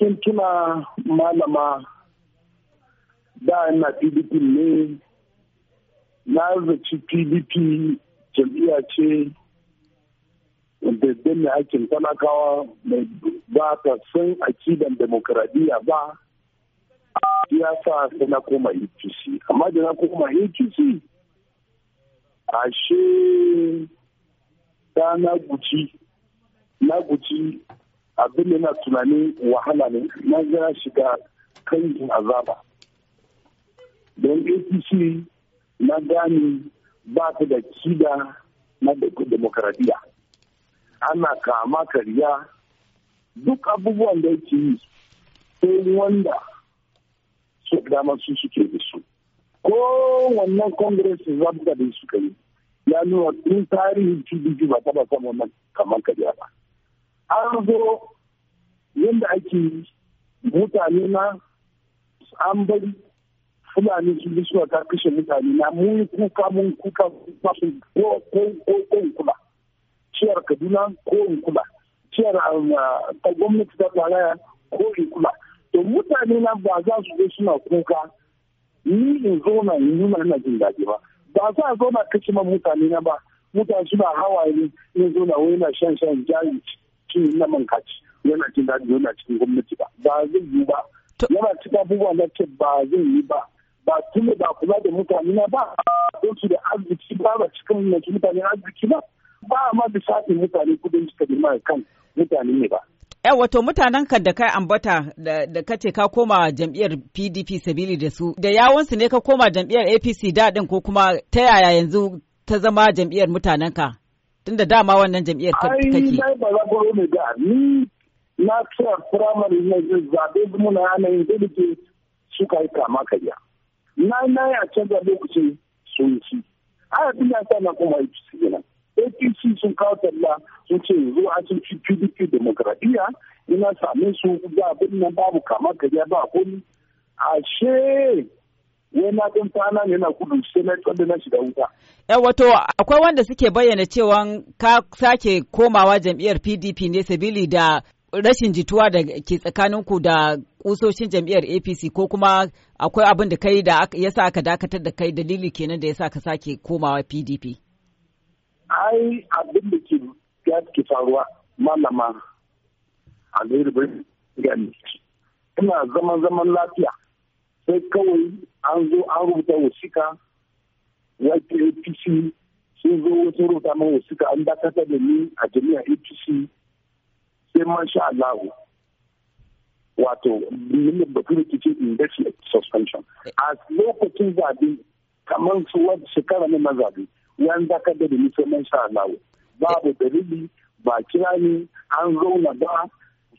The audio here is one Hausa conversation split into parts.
kin tuna malama da na pdp ne na zaci pdp jam'iyya ce da danne hakin talakawa mai ba ta san akidan demokradiyya ba ya sa sai na koma apc amma da na koma apc ashe ta na guci na guci abin da yana tunani wahala ne na ga shiga kanjin azaba don apc na gani ba ta da kida na demokaradiyya ana kama kariya duk abubuwan da yake yi sai wanda su dama su suke da su ko wannan congress zabuka da suka yi ya nuna tun tarihin pdp ba taba samun kamar kariya ba an zo yadda ake mutane na an bari fulani su bi suwa kashe mutane na mun kuka mun kuka masu ko in kula ciyar kaduna ko in kula ciyar ah, ta gwamnati ta tsaraya ko in kula to mutane na ba za su zo suna kuka ni in zo na nuna ina jin daɗi ba ba za a zo na kashe mutane na ba mutane suna hawaye ne in zo na wani na shan shan jayi cin man kaci yana cin daji yana cikin gwamnati ba ba zai yi ba yana cikin abubuwa na ce ba zai yi ba ba tun da kula da mutane na ba doki da arziki ba ba cikin mace mutane arziki ba ba ma lissafin mutane kudin suka nema kan mutane ne ba yan eh, wato mutanen ka da kai ambata da ka ce ka koma jam'iyyar pdp sabili da su da yawansu ne ka koma jam'iyyar apc daɗin ko kuma ta yaya yanzu ta zama jam'iyyar mutanen ka tunda dama wannan jam'iyyar ta take. Ai, ba za ku ne da ni na cewa firamare na zaɓe muna yanayin delegate suka yi kama karya. Na na yi a canza lokacin sun ci. Ai, a ya sa na kuma APC gina. APC sun kawo talla sun ce yanzu a cin ci PDP demokradiyya ina same su ga abin nan babu kama ya ba komi. Ashe ne na ɗan kwana ne na kudu sai na tsanda na shiga wuta. wato akwai wanda suke bayyana cewa ka sake komawa jam'iyyar PDP ne sabili da rashin jituwa da ke tsakaninku da kusoshin jam'iyyar APC ko kuma akwai abin da kai da ya sa aka dakatar da kai dalili kenan da ya sa ka sake komawa PDP. Ai abin da ke ke faruwa malama a zaman zaman lafiya sai kawai an zo an rubuta wasika wata apc sun zo wasu rubuta mai wasika an dakatar da ni a jami'a apc sai man sha allahu wato da batun rikicin indefinite suspension a lokacin zabi kamar su wata shekara ne na zabe yan dakatar da ni sai man sha allahu babu dalili ba kira ni an zauna ba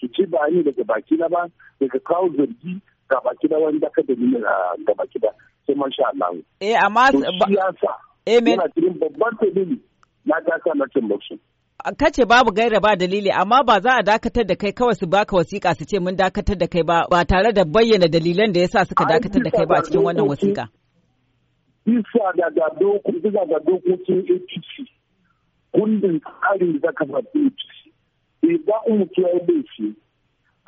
su ci ba ni daga baki na ba daga kawo zargi gaba kida wani daka da a gaba kida sai sha Allah eh amma siyasa Yana eh, me babban dalili na daka na cin bakshi kace babu gaira ba dalili amma ba za a dakatar da kai kawai su baka wasiƙa su ce mun dakatar da kai ba ba tare da bayyana dalilan da yasa suka dakatar da kai ba a cikin wannan wasiƙa bisa ga ga bisa ga dokokin APC kundin tsarin zaka kafa APC idan mutu ya yi laifi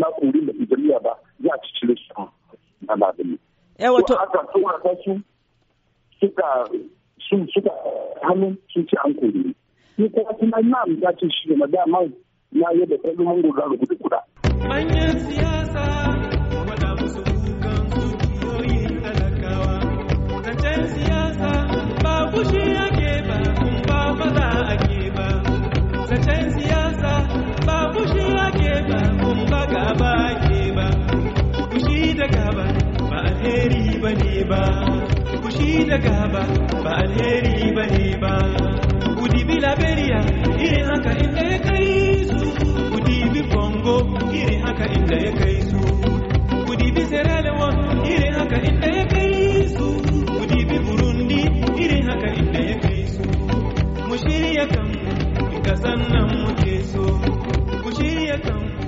na'urin da ijaliya ba za a cire su na labari. Yawato. Eh, aka tura ta su suka sun suka hannu sun ci an kori. Ni kuma tunan na ta ce shi ne da dama na yadda kallon mango za gudu kuda. Manyan siyasa siyasa ba fushi ake ba ba kushi da gaba ba alheri ba ne ba kudi bi laberiya irin haka inda ya kai su kudi bi congo irin haka inda ya kai su kudi bi sierra leone irin haka inda ya kai su kudi bi burundi iri haka inda ya kai su mu shirya kanmu kasan nan muke so mu shirya kanmu